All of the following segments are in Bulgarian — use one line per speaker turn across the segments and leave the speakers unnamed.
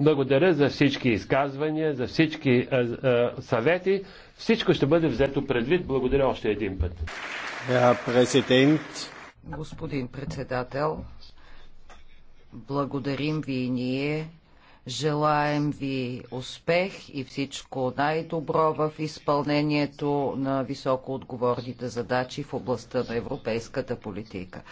Благодаря за всички изказвания, за всички а, а, съвети. Всичко ще бъде взето предвид. Благодаря още един път. Президент.
Господин председател, благодарим ви и ние. Желаем ви успех и всичко най-добро в изпълнението на високо отговорните задачи в областта на европейската политика.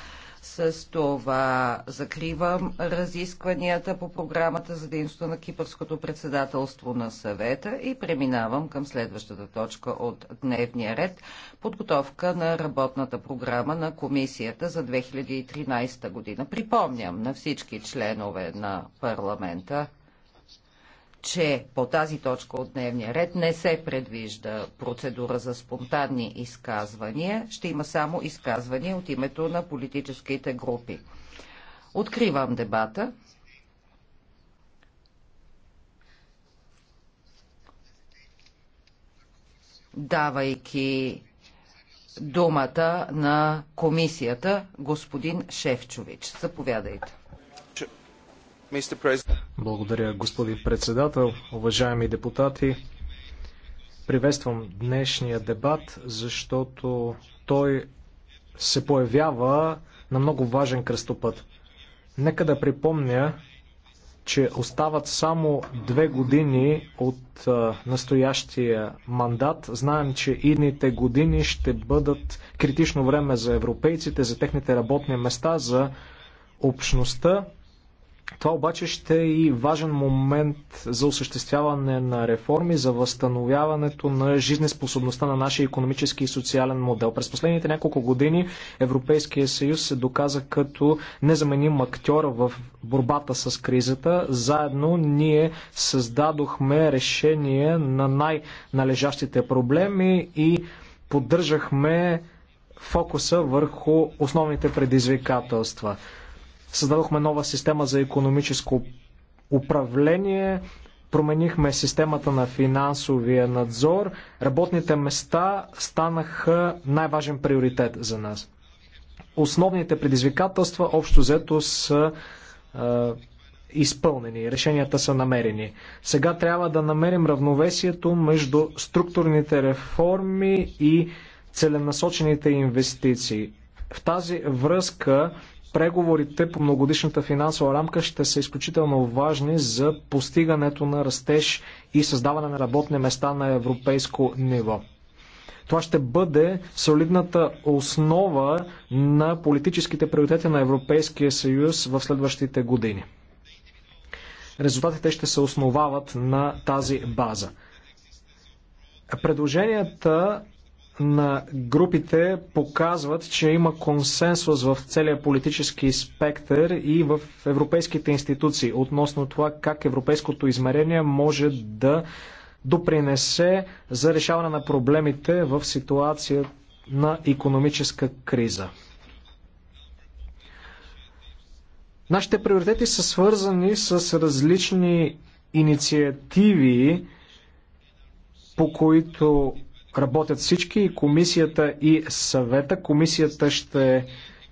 С това закривам разискванията по програмата за дейността на Кипърското председателство на съвета и преминавам към следващата точка от дневния ред – подготовка на работната програма на комисията за 2013 година. Припомням на всички членове на парламента, че по тази точка от дневния ред не се предвижда процедура за спонтанни изказвания. Ще има само изказвания от името на политическите групи. Откривам дебата. Давайки думата на комисията, господин Шевчович. Заповядайте. Мистер Президент,
благодаря, господин председател, уважаеми депутати. Приветствам днешния дебат, защото той се появява на много важен кръстопът. Нека да припомня, че остават само две години от настоящия мандат. Знаем, че идните години ще бъдат критично време за европейците, за техните работни места, за общността. Това обаче ще е и важен момент за осъществяване на реформи, за възстановяването на жизнеспособността на нашия економически и социален модел. През последните няколко години Европейския съюз се доказа като незаменим актьор в борбата с кризата. Заедно ние създадохме решение на най-належащите проблеми и поддържахме фокуса върху основните предизвикателства. Създадохме нова система за економическо управление, променихме системата на финансовия надзор. Работните места станаха най-важен приоритет за нас. Основните предизвикателства общо взето са е, изпълнени, решенията са намерени. Сега трябва да намерим равновесието между структурните реформи и целенасочените инвестиции. В тази връзка преговорите по многодишната финансова рамка ще са изключително важни за постигането на растеж и създаване на работни места на европейско ниво. Това ще бъде солидната основа на политическите приоритети на Европейския съюз в следващите години. Резултатите ще се основават на тази база. Предложенията на групите показват, че има консенсус в целия политически спектър и в европейските институции относно това как европейското измерение може да допринесе за решаване на проблемите в ситуация на економическа криза. Нашите приоритети са свързани с различни инициативи, по които работят всички и комисията и съвета. Комисията ще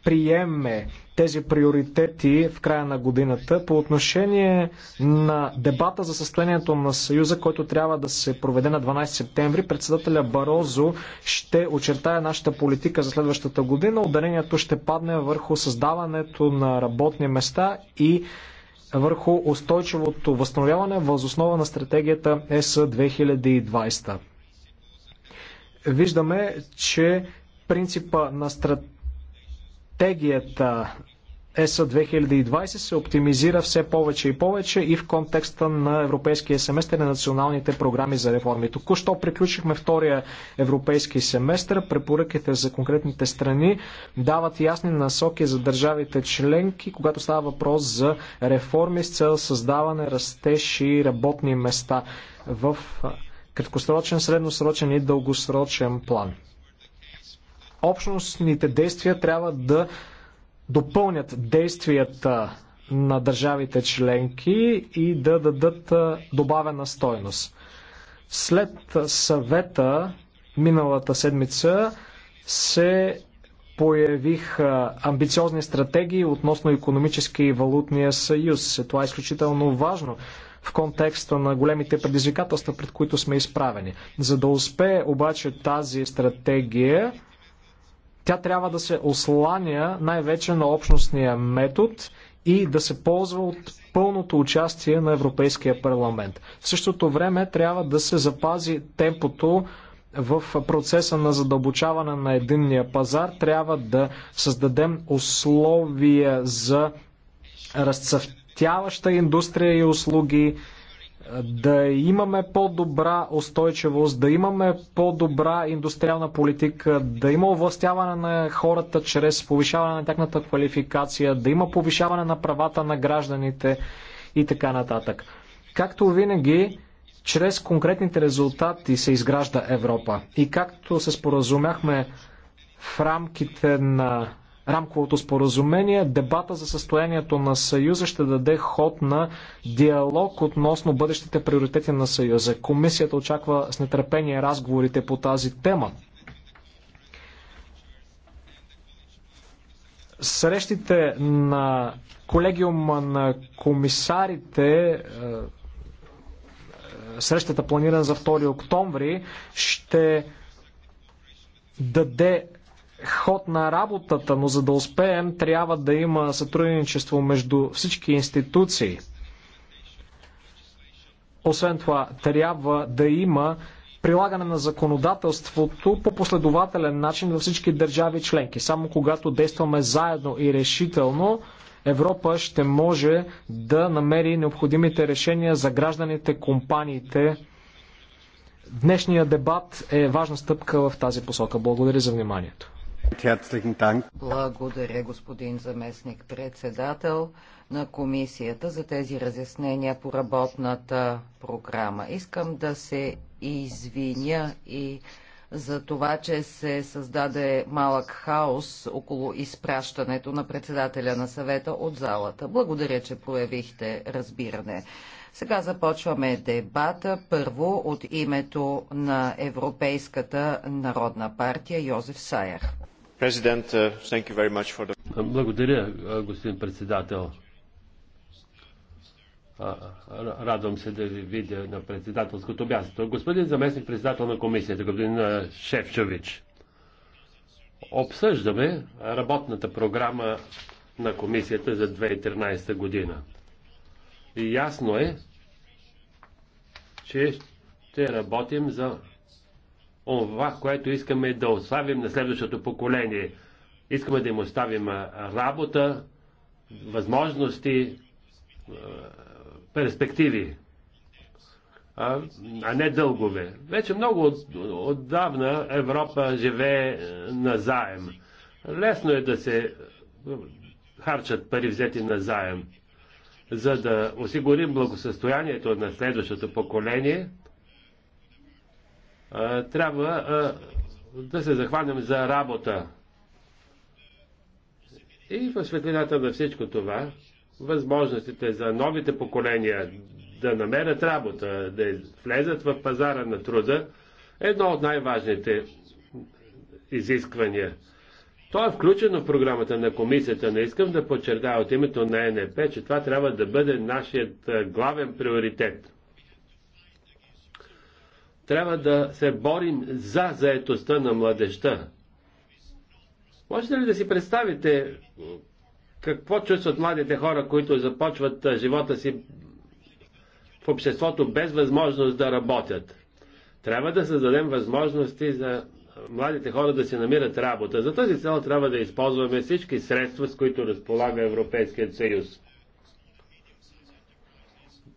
приеме тези приоритети в края на годината. По отношение на дебата за състоянието на Съюза, който трябва да се проведе на 12 септември, председателя Барозо ще очертая нашата политика за следващата година. Ударението ще падне върху създаването на работни места и върху устойчивото възстановяване възоснова на стратегията ЕС 2020 виждаме, че принципа на стратегията ЕСА 2020 се оптимизира все повече и повече и в контекста на европейския семестър и на националните програми за реформи. Току-що приключихме втория европейски семестър. Препоръките за конкретните страни дават ясни насоки за държавите членки, когато става въпрос за реформи с цел създаване, растеж и работни места в краткосрочен, средносрочен и дългосрочен план. Общностните действия трябва да допълнят действията на държавите членки и да дадат добавена стойност. След съвета миналата седмица се появиха амбициозни стратегии относно економически и валутния съюз. Това е изключително важно, в контекста на големите предизвикателства, пред които сме изправени. За да успее обаче тази стратегия, тя трябва да се осланя най-вече на общностния метод и да се ползва от пълното участие на Европейския парламент. В същото време трябва да се запази темпото в процеса на задълбочаване на единния пазар. Трябва да създадем условия за разцъфтяване цъфтяваща индустрия и услуги, да имаме по-добра устойчивост, да имаме по-добра индустриална политика, да има овластяване на хората чрез повишаване на тяхната квалификация, да има повишаване на правата на гражданите и така нататък. Както винаги, чрез конкретните резултати се изгражда Европа. И както се споразумяхме в рамките на рамковото споразумение. Дебата за състоянието на Съюза ще даде ход на диалог относно бъдещите приоритети на Съюза. Комисията очаква с нетърпение разговорите по тази тема. Срещите на колегиума на комисарите е, е, срещата планирана за 2 октомври ще даде ход на работата, но за да успеем, трябва да има сътрудничество между всички институции. Освен това, трябва да има прилагане на законодателството по последователен начин във всички държави членки. Само когато действаме заедно и решително, Европа ще може да намери необходимите решения за гражданите, компаниите. Днешният дебат е важна стъпка в тази посока. Благодаря за вниманието.
Благодаря, господин заместник председател на комисията за тези разяснения по работната програма. Искам да се извиня и за това, че се създаде малък хаос около изпращането на председателя на съвета от залата. Благодаря, че проявихте разбиране. Сега започваме дебата. Първо от името на Европейската народна партия Йозеф Саях.
Uh,
Благодаря, господин председател. Радвам се да ви видя на председателското място. Господин заместник председател на комисията, господин Шефчович, обсъждаме работната програма на комисията за 2013 година. И ясно е, че ще работим за онова, което искаме да оставим на следващото поколение. Искаме да им оставим работа, възможности, перспективи, а, не дългове. Вече много от, отдавна Европа живее на заем. Лесно е да се харчат пари взети на заем. За да осигурим благосъстоянието на следващото поколение, трябва да се захванем за работа. И в светлината на всичко това, възможностите за новите поколения да намерят работа, да влезат в пазара на труда, е едно от най-важните изисквания. То е включено в програмата на комисията. Не искам да подчертая от името на НП, че това трябва да бъде нашият главен приоритет. Трябва да се борим за заетостта на младеща. Можете ли да си представите какво чувстват младите хора, които започват живота си в обществото без възможност да работят? Трябва да създадем възможности за младите хора да си намират работа. За тази цел трябва да използваме всички средства, с които разполага Европейският съюз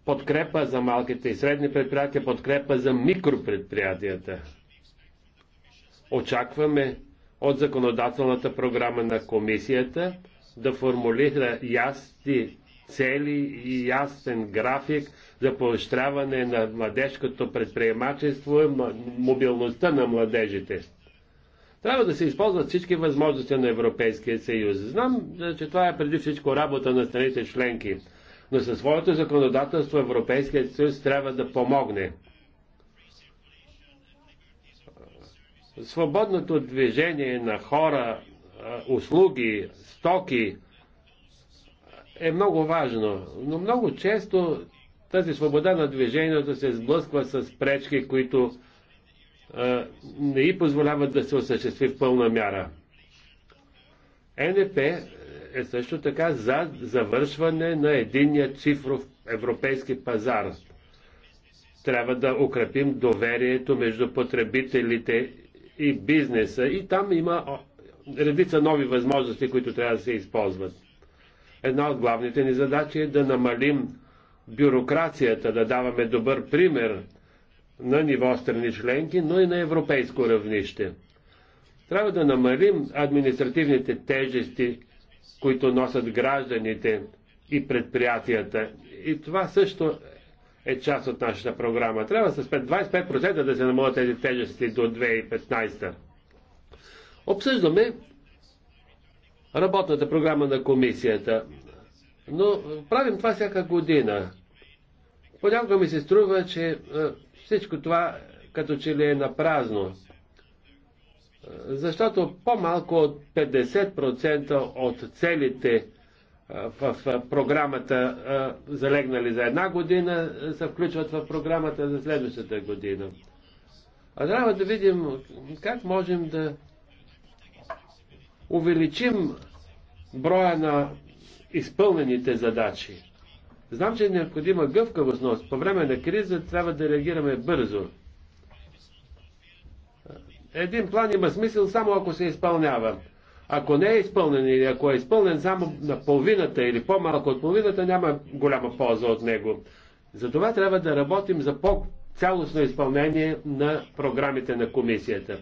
подкрепа за малките и средни предприятия, подкрепа за микропредприятията. Очакваме от законодателната програма на комисията да формулира ясни цели и ясен график за поощряване на младежкото предприемачество и мобилността на младежите. Трябва да се използват всички възможности на Европейския съюз. Знам, че това е преди всичко работа на страните членки но със своето законодателство Европейският съюз трябва да помогне. Свободното движение на хора, услуги, стоки е много важно, но много често тази свобода на движението се сблъсква с пречки, които не й позволяват да се осъществи в пълна мяра. Е НДП е също така за завършване на единния цифров европейски пазар. Трябва да укрепим доверието между потребителите и бизнеса. И там има редица нови възможности, които трябва да се използват. Една от главните ни задачи е да намалим бюрокрацията, да даваме добър пример на ниво страни членки, но и на европейско равнище. Трябва да намалим административните тежести които носят гражданите и предприятията. И това също е част от нашата програма. Трябва с 25% да се намалят тези тежести до 2015. Обсъждаме работната програма на комисията. Но правим това всяка година. Понякога ми се струва, че всичко това като че ли е на празно. Защото по-малко от 50% от целите в програмата, залегнали за една година, се включват в програмата за следващата година. А трябва да видим как можем да увеличим броя на изпълнените задачи. Знам, че е необходима гъвкавост, но по време на криза трябва да реагираме бързо един план има смисъл само ако се изпълнява. Ако не е изпълнен или ако е изпълнен само на половината или по-малко от половината, няма голяма полза от него. Затова трябва да работим за по-цялостно изпълнение на програмите на комисията.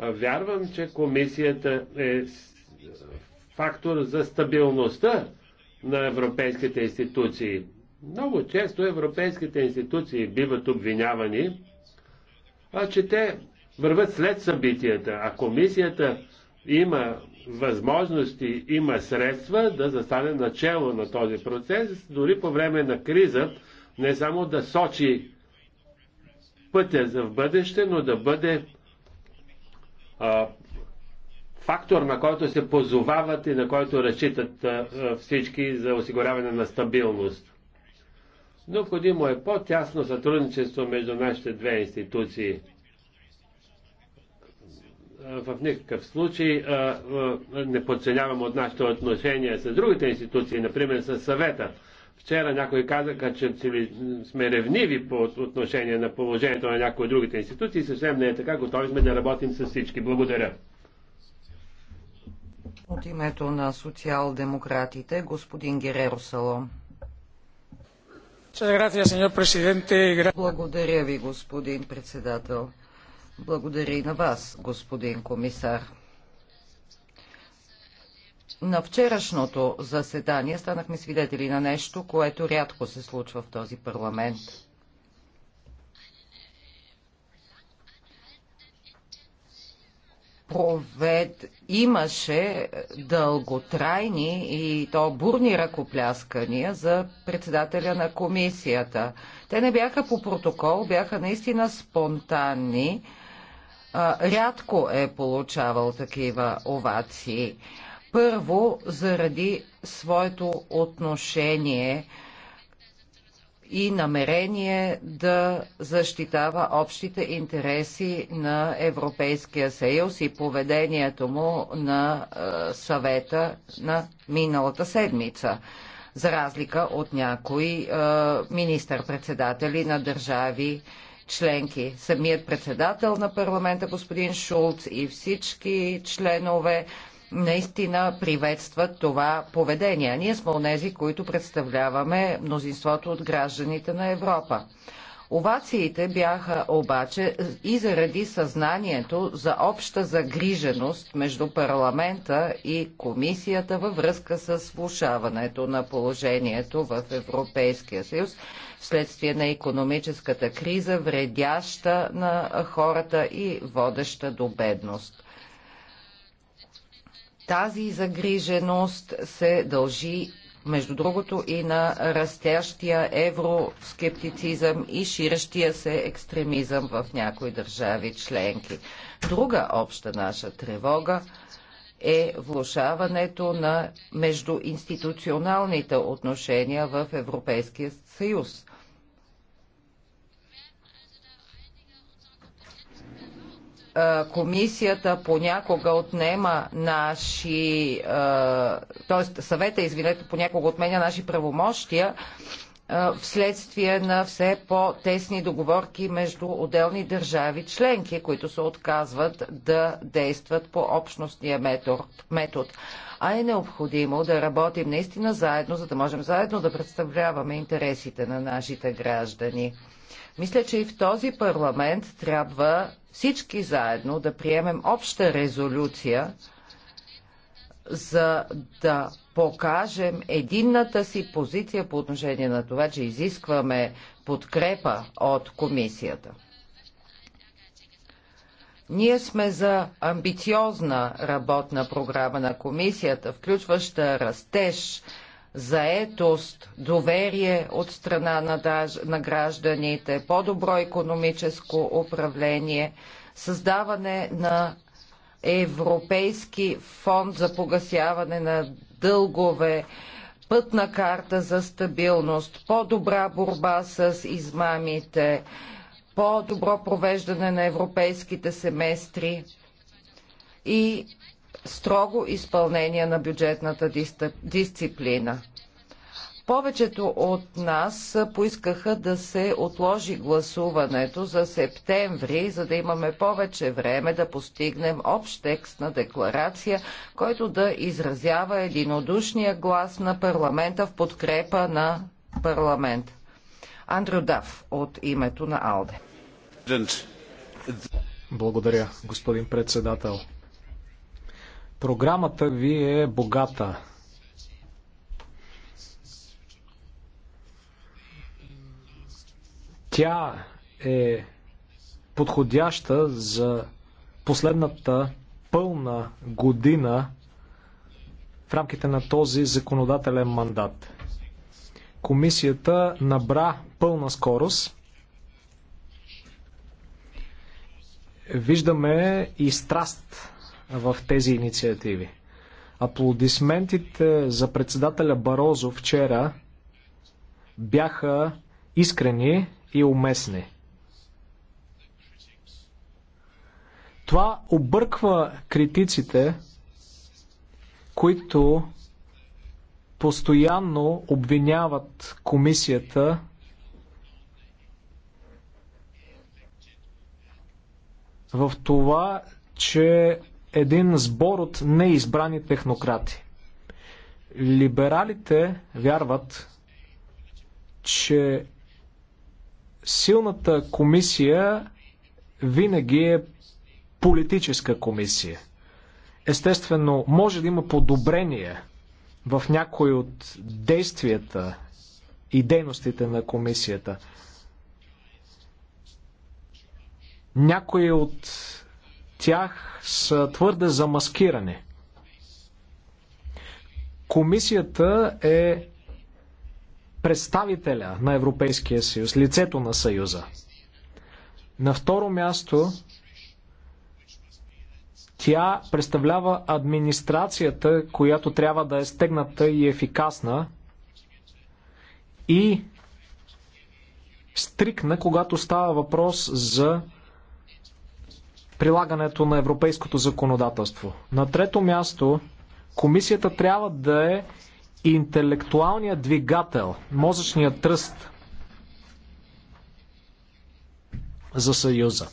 Вярвам, че комисията е фактор за стабилността на европейските институции. Много често европейските институции биват обвинявани, а че те върват след събитията, а комисията има възможности, има средства да застане начало на този процес, дори по време на криза, не само да сочи пътя за в бъдеще, но да бъде а, фактор, на който се позовават и на който разчитат а, всички за осигуряване на стабилност. Необходимо е по-тясно сътрудничество между нашите две институции – в никакъв случай не подценявам от нашите отношения с другите институции, например с съвета. Вчера някои казаха, че сме ревниви по отношение на положението на някои от другите институции. Съвсем не е така. Готови сме да работим с всички. Благодаря.
От името на социал-демократите, господин Гереро Сало. Благодаря ви, господин председател. Благодаря и на вас, господин комисар. На вчерашното заседание станахме свидетели на нещо, което рядко се случва в този парламент. провед, имаше дълготрайни и то бурни ръкопляскания за председателя на комисията. Те не бяха по протокол, бяха наистина спонтанни рядко е получавал такива овации. Първо, заради своето отношение и намерение да защитава общите интереси на Европейския съюз и поведението му на съвета на миналата седмица за разлика от някои е, министър-председатели на държави членки. Самият председател на парламента, господин Шулц и всички членове наистина приветстват това поведение. Ние сме онези, които представляваме мнозинството от гражданите на Европа. Овациите бяха обаче и заради съзнанието за обща загриженост между парламента и комисията във връзка с влушаването на положението в Европейския съюз вследствие на економическата криза, вредяща на хората и водеща до бедност. Тази загриженост се дължи между другото и на растящия евроскептицизъм и ширещия се екстремизъм в някои държави членки. Друга обща наша тревога е влушаването на междуинституционалните отношения в Европейския съюз – комисията понякога отнема наши, т.е. съвета, извинете, понякога отменя наши правомощия вследствие на все по-тесни договорки между отделни държави членки, които се отказват да действат по общностния метод. А е необходимо да работим наистина заедно, за да можем заедно да представляваме интересите на нашите граждани. Мисля, че и в този парламент трябва всички заедно да приемем обща резолюция, за да покажем единната си позиция по отношение на това, че изискваме подкрепа от комисията. Ние сме за амбициозна работна програма на комисията, включваща растеж, заетост, доверие от страна на, гражданите, по-добро економическо управление, създаване на Европейски фонд за погасяване на дългове, пътна карта за стабилност, по-добра борба с измамите, по-добро провеждане на европейските семестри и строго изпълнение на бюджетната дисциплина. Повечето от нас поискаха да се отложи гласуването за септември, за да имаме повече време да постигнем общ текст на декларация, който да изразява единодушния глас на парламента в подкрепа на парламент. Андрю Дав от името на Алде.
Благодаря, господин председател. Програмата ви е богата. Тя е подходяща за последната пълна година в рамките на този законодателен мандат. Комисията набра пълна скорост. Виждаме и страст в тези инициативи. Аплодисментите за председателя Барозо вчера бяха искрени и уместни. Това обърква критиците, които постоянно обвиняват комисията в това, че един сбор от неизбрани технократи. Либералите вярват, че силната комисия винаги е политическа комисия. Естествено, може да има подобрение в някои от действията и дейностите на комисията. Някои от тях са твърде замаскирани. Комисията е представителя на Европейския съюз, лицето на съюза. На второ място, тя представлява администрацията, която трябва да е стегната и ефикасна и стрикна, когато става въпрос за прилагането на европейското законодателство. На трето място, комисията трябва да е интелектуалният двигател, мозъчният тръст за Съюза.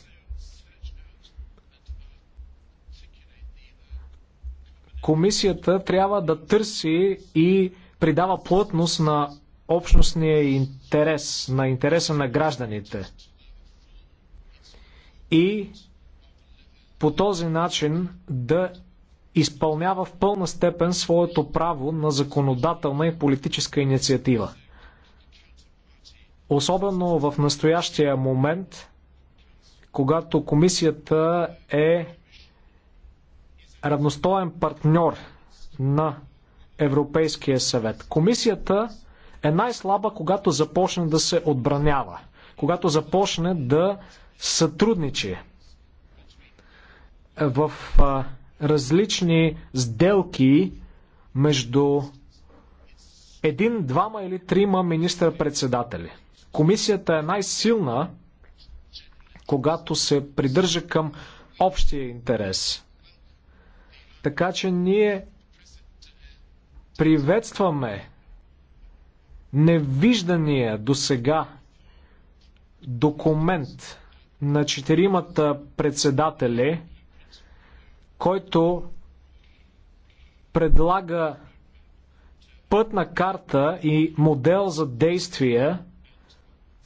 Комисията трябва да търси и придава плътност на общностния интерес, на интереса на гражданите. И по този начин да изпълнява в пълна степен своето право на законодателна и политическа инициатива. Особено в настоящия момент, когато комисията е равностоен партньор на Европейския съвет. Комисията е най-слаба, когато започне да се отбранява, когато започне да сътрудничи в различни сделки между един, двама или трима министър-председатели. Комисията е най-силна, когато се придържа към общия интерес. Така че ние приветстваме невиждания до сега документ на четиримата председатели – който предлага пътна карта и модел за действия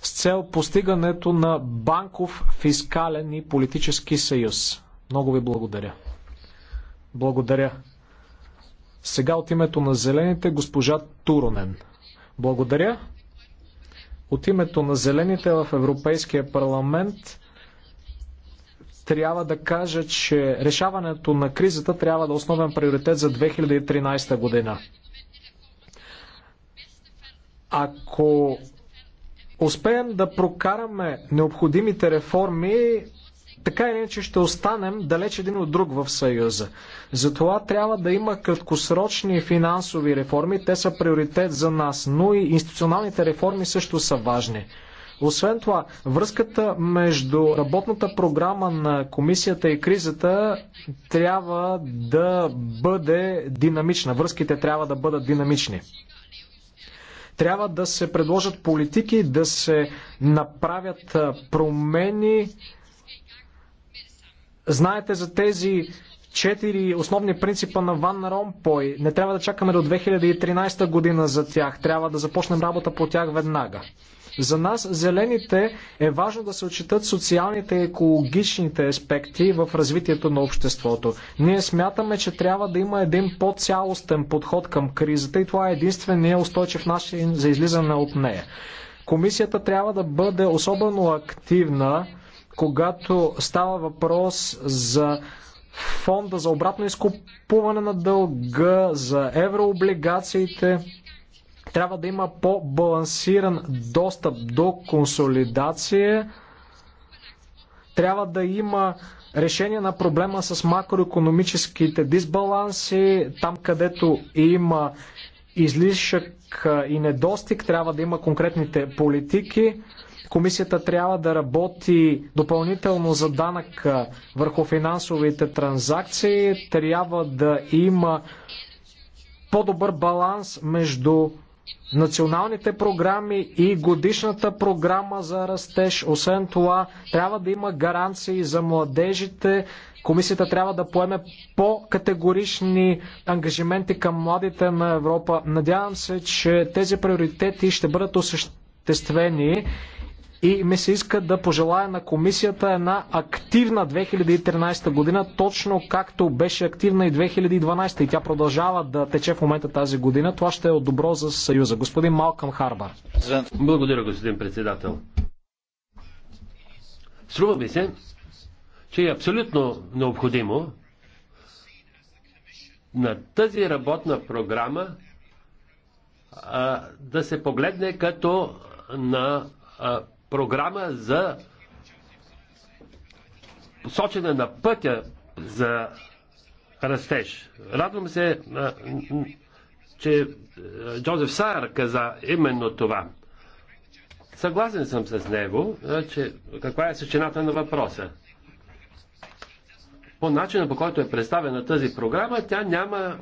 с цел постигането на банков, фискален и политически съюз. Много ви благодаря. Благодаря. Сега от името на Зелените госпожа Туронен. Благодаря. От името на Зелените в Европейския парламент трябва да кажа, че решаването на кризата трябва да е основен приоритет за 2013 година. Ако успеем да прокараме необходимите реформи, така или иначе ще останем далеч един от друг в Съюза. Затова трябва да има краткосрочни финансови реформи, те са приоритет за нас, но и институционалните реформи също са важни. Освен това, връзката между работната програма на комисията и кризата трябва да бъде динамична. Връзките трябва да бъдат динамични трябва да се предложат политики, да се направят промени. Знаете за тези четири основни принципа на Ван Ромпой. Не трябва да чакаме до 2013 година за тях. Трябва да започнем работа по тях веднага. За нас, зелените, е важно да се отчитат социалните и екологичните аспекти в развитието на обществото. Ние смятаме, че трябва да има един по-цялостен подход към кризата и това е единствения устойчив начин за излизане от нея. Комисията трябва да бъде особено активна, когато става въпрос за фонда за обратно изкупуване на дълга, за еврооблигациите трябва да има по-балансиран достъп до консолидация. Трябва да има решение на проблема с макроекономическите дисбаланси. Там, където има излишък и недостиг, трябва да има конкретните политики. Комисията трябва да работи допълнително за данък върху финансовите транзакции. Трябва да има по-добър баланс между националните програми и годишната програма за растеж. Освен това, трябва да има гаранции за младежите. Комисията трябва да поеме по-категорични ангажименти към младите на Европа. Надявам се, че тези приоритети ще бъдат осъществени и ми се иска да пожелая на комисията една активна 2013 година, точно както беше активна и 2012 и тя продължава да тече в момента тази година. Това ще е от добро за Съюза. Господин Малкам Харбар.
Благодаря, господин председател. Струва ми се, че е абсолютно необходимо на тази работна програма а, да се погледне като на а, програма за посочена на пътя за растеж. Радвам се, че Джозеф Сайер каза именно това. Съгласен съм с него, че каква е същината на въпроса. По начина по който е представена тази програма, тя няма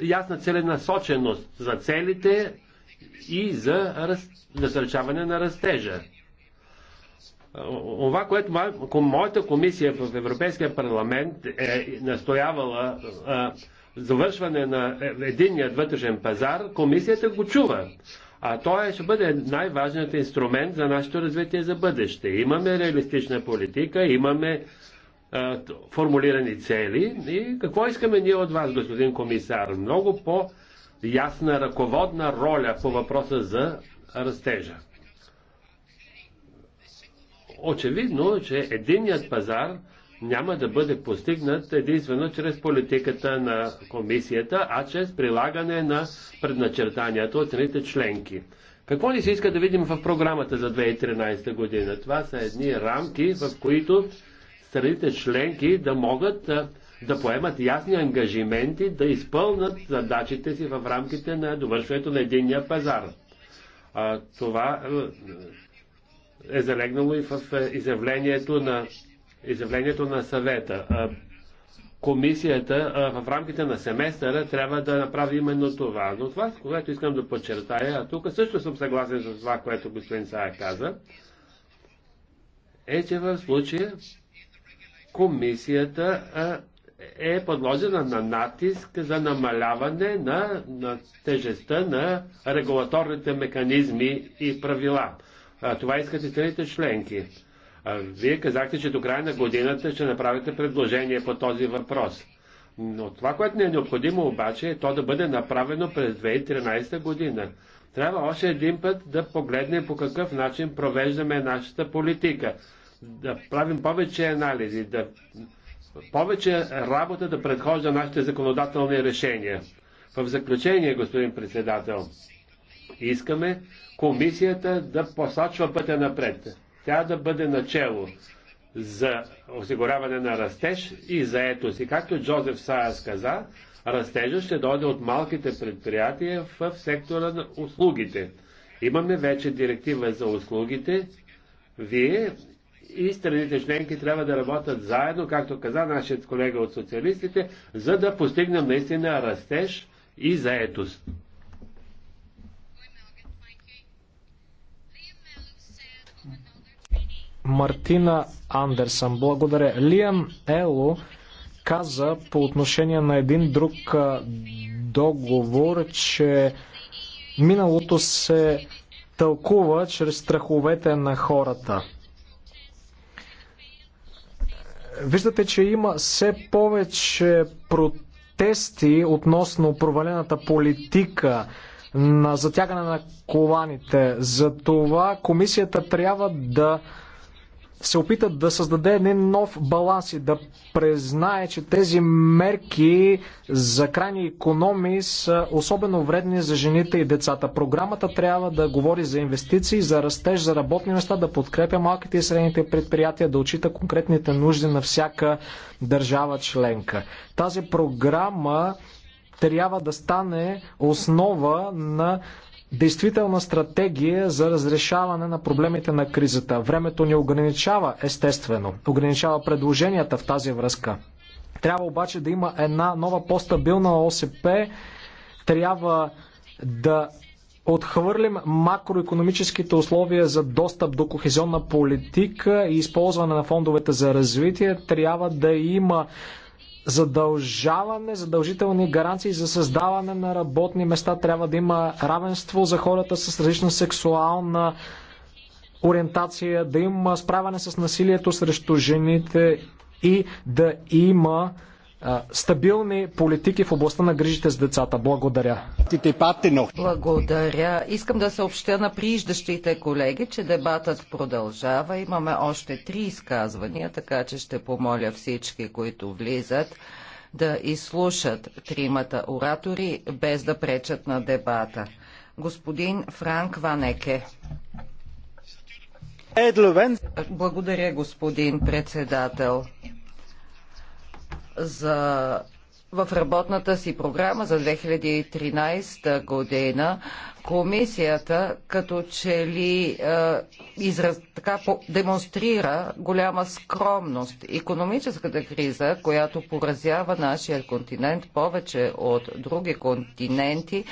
ясна целенасоченост за целите и за насърчаване на растежа. Това, което моята комисия в Европейския парламент е настоявала завършване на единният вътрешен пазар, комисията го чува. А той ще бъде най-важният инструмент за нашето развитие за бъдеще. Имаме реалистична политика, имаме а, формулирани цели и какво искаме ние от вас, господин комисар? Много по-ясна ръководна роля по въпроса за растежа. Очевидно, че единният пазар няма да бъде постигнат единствено чрез политиката на комисията, а чрез прилагане на предначертанията от страните членки. Какво ни се иска да видим в програмата за 2013 година? Това са едни рамки, в които страните членки да могат да поемат ясни ангажименти, да изпълнат задачите си в рамките на довършването на единния пазар. А, това е залегнало и в е, изявлението на, изявлението на съвета. Комисията в рамките на семестъра трябва да направи именно това. Но това, което искам да подчертая, а тук също съм съгласен с това, което господин Сая каза, е, че в случая комисията е подложена на натиск за намаляване на, на тежестта на регулаторните механизми и правила това искат и членки. вие казахте, че до края на годината ще направите предложение по този въпрос. Но това, което не е необходимо обаче, е то да бъде направено през 2013 година. Трябва още един път да погледнем по какъв начин провеждаме нашата политика. Да правим повече анализи, да повече работа да предхожда нашите законодателни решения. В заключение, господин председател, Искаме комисията да посочва пътя напред. Тя да бъде начало за осигуряване на растеж и заетост. И както Джозеф Саяс каза, растежа ще дойде от малките предприятия в сектора на услугите. Имаме вече директива за услугите. Вие и страните членки трябва да работят заедно, както каза нашият колега от социалистите, за да постигнем наистина растеж и заетост.
Мартина Андерсън. Благодаря. Лиам Ело каза по отношение на един друг договор, че миналото се тълкува чрез страховете на хората. Виждате, че има все повече протести относно провалената политика на затягане на коланите. За това комисията трябва да се опита да създаде един нов баланс и да признае, че тези мерки за крайни економии са особено вредни за жените и децата. Програмата трябва да говори за инвестиции, за растеж, за работни места, да подкрепя малките и средните предприятия, да очита конкретните нужди на всяка държава членка. Тази програма трябва да стане основа на действителна стратегия за разрешаване на проблемите на кризата. Времето ни ограничава, естествено. Ограничава предложенията в тази връзка. Трябва обаче да има една нова по-стабилна ОСП. Трябва да отхвърлим макроекономическите условия за достъп до кохезионна политика и използване на фондовете за развитие. Трябва да има задължаване, задължителни гаранции за създаване на работни места. Трябва да има равенство за хората с различна сексуална ориентация, да има справяне с насилието срещу жените и да има стабилни политики в областта на грижите с децата. Благодаря.
Благодаря. Искам да съобщя на прииждащите колеги, че дебатът продължава. Имаме още три изказвания, така че ще помоля всички, които влизат, да изслушат тримата оратори, без да пречат на дебата. Господин Франк Ванеке. Благодаря, господин председател за в работната си програма за 2013 година комисията като че ли е, израз, така, по, демонстрира голяма скромност. Економическата криза, която поразява нашия континент повече от други континенти,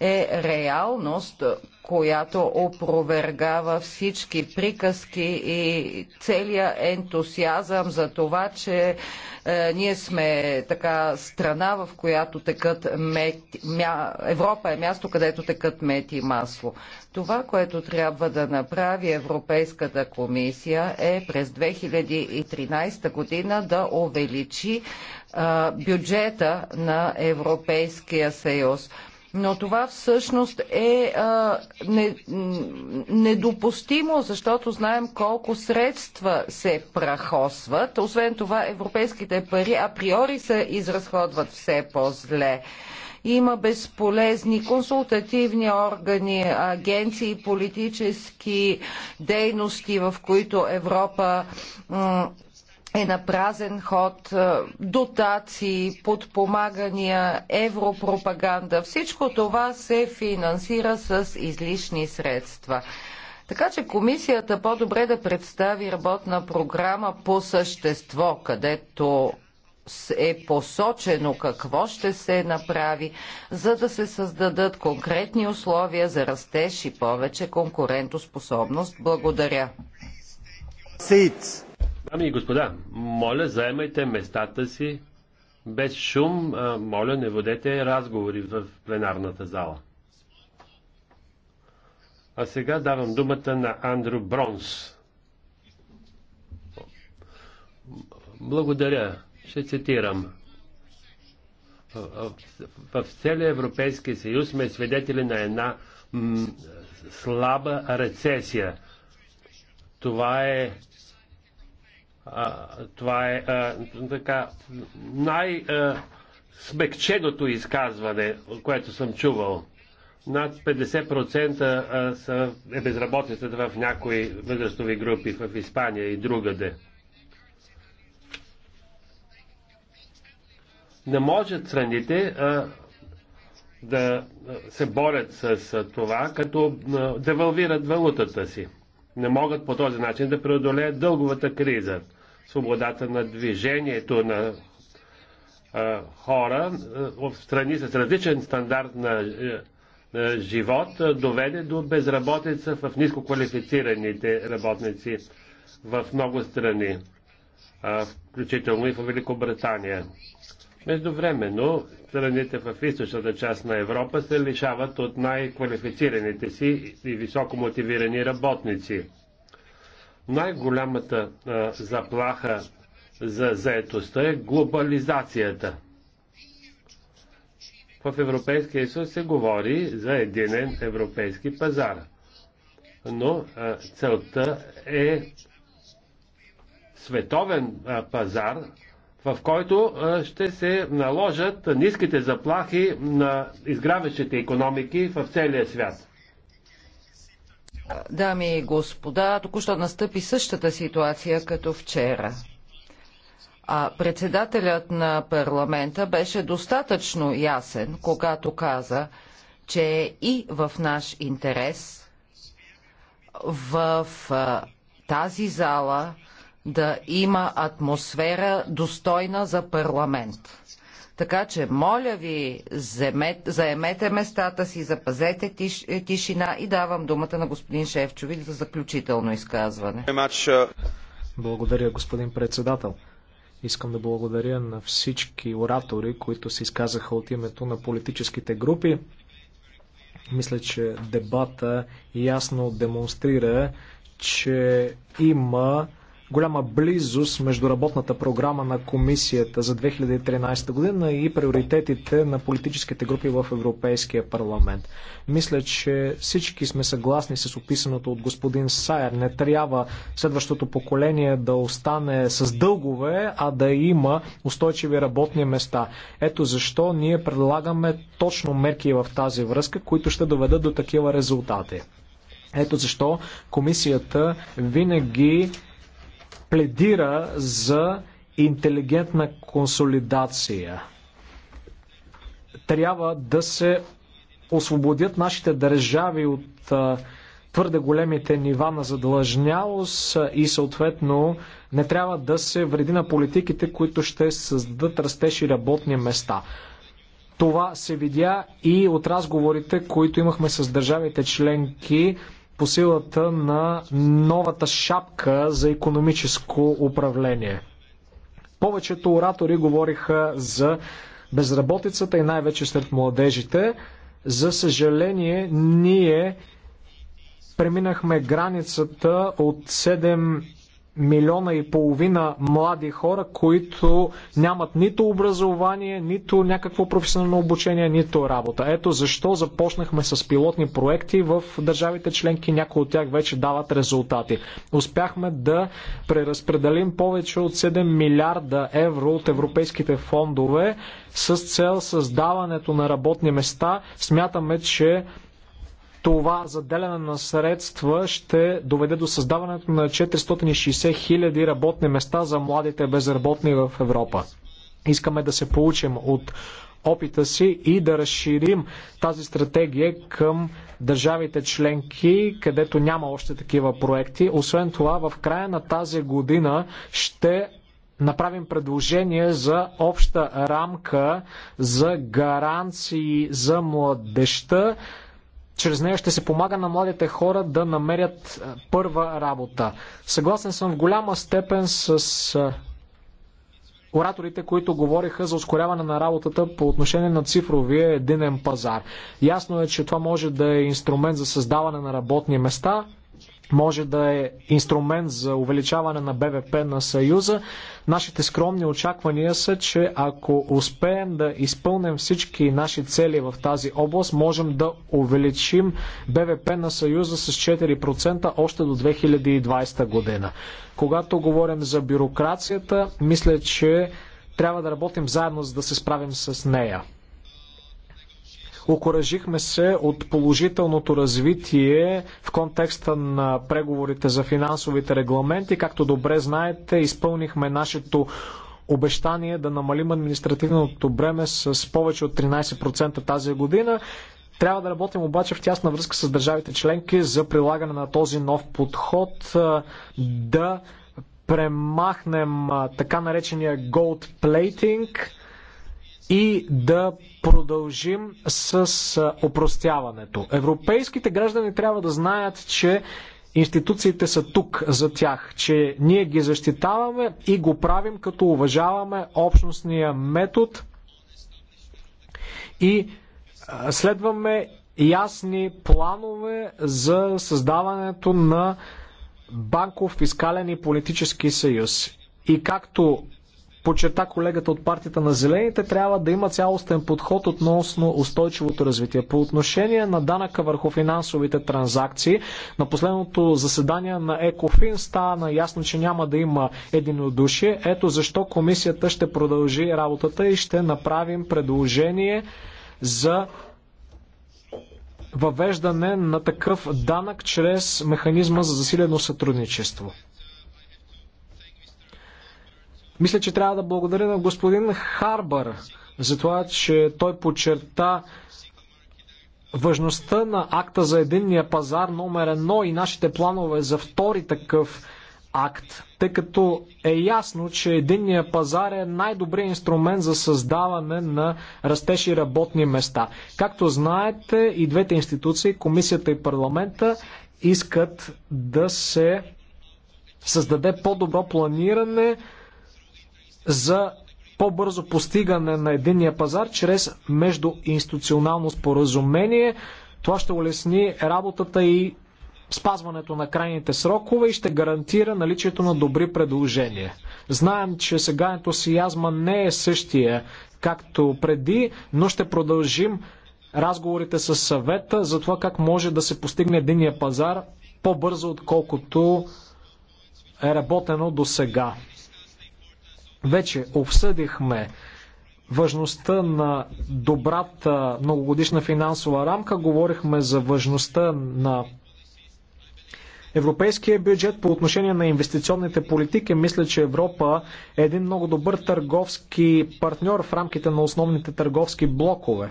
е реалност, която опровергава всички приказки и целия ентусиазъм за това, че е, ние сме така страна, в която текат мет... Мя... Европа е място, където текат мет мед и масло. Това, което трябва да направи Европейската комисия е през 2013 година да увеличи а, бюджета на Европейския съюз. Но това всъщност е а, не, недопустимо, защото знаем колко средства се прахосват. Освен това, европейските пари априори се изразходват все по-зле. Има безполезни консултативни органи, агенции, политически дейности, в които Европа е на празен ход, е, дотации, подпомагания, европропаганда. Всичко това се финансира с излишни средства. Така че комисията по-добре да представи работна програма по същество, където е посочено какво ще се направи, за да се създадат конкретни условия за растеж и повече конкурентоспособност. Благодаря.
Дами и господа, моля, заемайте местата си. Без шум, моля, не водете разговори в пленарната зала. А сега давам думата на Андрю Бронс. Благодаря, ще цитирам. В, в, в целия Европейски съюз сме свидетели на една слаба рецесия. Това е а, това е а, така най-смекченото изказване, което съм чувал. Над 50% са, е безработицата в някои възрастови групи в Испания и другаде. Не може страните да се борят с това, като девалвират валутата си. Не могат по този начин да преодолеят дълговата криза. Свободата на движението на хора в страни с различен стандарт на живот доведе до безработица в нискоквалифицираните работници в много страни, включително и в Великобритания. Междувременно страните в източната част на Европа се лишават от най-квалифицираните си и високо мотивирани работници. Най-голямата заплаха за заетостта е глобализацията. В Европейския съюз се говори за единен европейски пазар, но а, целта е световен а, пазар, в който ще се наложат ниските заплахи на изгравящите економики в целия свят.
Дами и господа, току-що настъпи същата ситуация като вчера. А председателят на парламента беше достатъчно ясен, когато каза, че е и в наш интерес в тази зала да има атмосфера достойна за парламент. Така че, моля ви, заемете местата си, запазете тиш, е, тишина и давам думата на господин Шевчовик за заключително изказване.
Благодаря, господин председател. Искам да благодаря на всички оратори, които се изказаха от името на политическите групи. Мисля, че дебата ясно демонстрира, че има голяма близост между работната програма на комисията за 2013 година и приоритетите на политическите групи в Европейския парламент. Мисля, че всички сме съгласни с описаното от господин Сайер. Не трябва следващото поколение да остане с дългове, а да има устойчиви работни места. Ето защо ние предлагаме точно мерки в тази връзка, които ще доведат до такива резултати. Ето защо комисията винаги пледира за интелигентна консолидация. Трябва да се освободят нашите държави от твърде големите нива на задлъжнялост и съответно не трябва да се вреди на политиките, които ще създадат растеж и работни места. Това се видя и от разговорите, които имахме с държавите членки по силата на новата шапка за економическо управление. Повечето оратори говориха за безработицата и най-вече сред младежите. За съжаление, ние преминахме границата от 7 милиона и половина млади хора, които нямат нито образование, нито някакво професионално обучение, нито работа. Ето защо започнахме с пилотни проекти в държавите членки, някои от тях вече дават резултати. Успяхме да преразпределим повече от 7 милиарда евро от европейските фондове с цел създаването на работни места. Смятаме, че това заделяне на средства ще доведе до създаването на 460 хиляди работни места за младите безработни в Европа. Искаме да се получим от опита си и да разширим тази стратегия към държавите членки, където няма още такива проекти. Освен това, в края на тази година ще направим предложение за обща рамка за гаранции за младеща чрез нея ще се помага на младите хора да намерят е, първа работа. Съгласен съм в голяма степен с е, ораторите, които говориха за ускоряване на работата по отношение на цифровия единен пазар. Ясно е, че това може да е инструмент за създаване на работни места, може да е инструмент за увеличаване на БВП на Съюза. Нашите скромни очаквания са, че ако успеем да изпълним всички наши цели в тази област, можем да увеличим БВП на Съюза с 4% още до 2020 година. Когато говорим за бюрокрацията, мисля, че трябва да работим заедно, за да се справим с нея. Окоръжихме се от положителното развитие в контекста на преговорите за финансовите регламенти. Както добре знаете, изпълнихме нашето обещание да намалим административното бреме с повече от 13% тази година. Трябва да работим обаче в тясна връзка с държавите членки за прилагане на този нов подход, да премахнем така наречения gold plating – и да продължим с опростяването. Европейските граждани трябва да знаят, че институциите са тук за тях, че ние ги защитаваме и го правим като уважаваме общностния метод и следваме ясни планове за създаването на банков, фискален и политически съюз. И както подчерта колегата от партията на Зелените, трябва да има цялостен подход относно устойчивото развитие. По отношение на данъка върху финансовите транзакции, на последното заседание на Екофин стана ясно, че няма да има единодушие. Ето защо комисията ще продължи работата и ще направим предложение за въвеждане на такъв данък чрез механизма за засилено сътрудничество. Мисля, че трябва да благодаря на господин Харбър за това, че той подчерта важността на акта за единния пазар номер едно и нашите планове за втори такъв акт, тъй като е ясно, че единния пазар е най-добрият инструмент за създаване на растещи работни места. Както знаете, и двете институции, комисията и парламента, искат да се създаде по-добро планиране, за по-бързо постигане на единния пазар чрез междуинституционално споразумение. Това ще улесни работата и спазването на крайните срокове и ще гарантира наличието на добри предложения. Знаем, че сега ентусиазма не е същия, както преди, но ще продължим разговорите с съвета за това как може да се постигне единния пазар по-бързо, отколкото е работено до сега. Вече обсъдихме важността на добрата многогодишна финансова рамка, говорихме за важността на европейския бюджет по отношение на инвестиционните политики. Мисля, че Европа е един много добър търговски партньор в рамките на основните търговски блокове.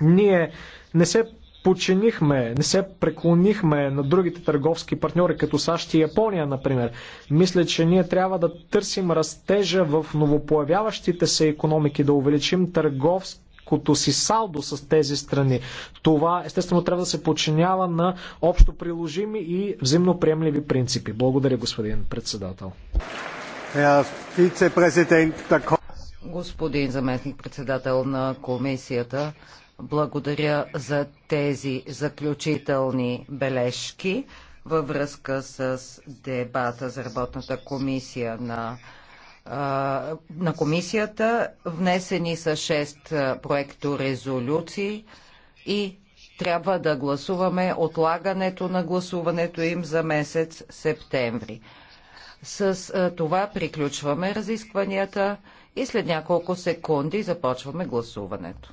Ние не се починихме, не се преклонихме на другите търговски партньори, като САЩ и Япония, например. Мисля, че ние трябва да търсим растежа в новопоявяващите се економики, да увеличим търговски като си салдо с тези страни. Това естествено трябва да се подчинява на общо приложими и взаимно приемливи принципи. Благодаря, господин председател.
Господин заместник председател на комисията, благодаря за тези заключителни бележки във връзка с дебата за работната комисия на на комисията. Внесени са 6 проекто резолюции и трябва да гласуваме отлагането на гласуването им за месец септември. С това приключваме разискванията и след няколко секунди започваме гласуването.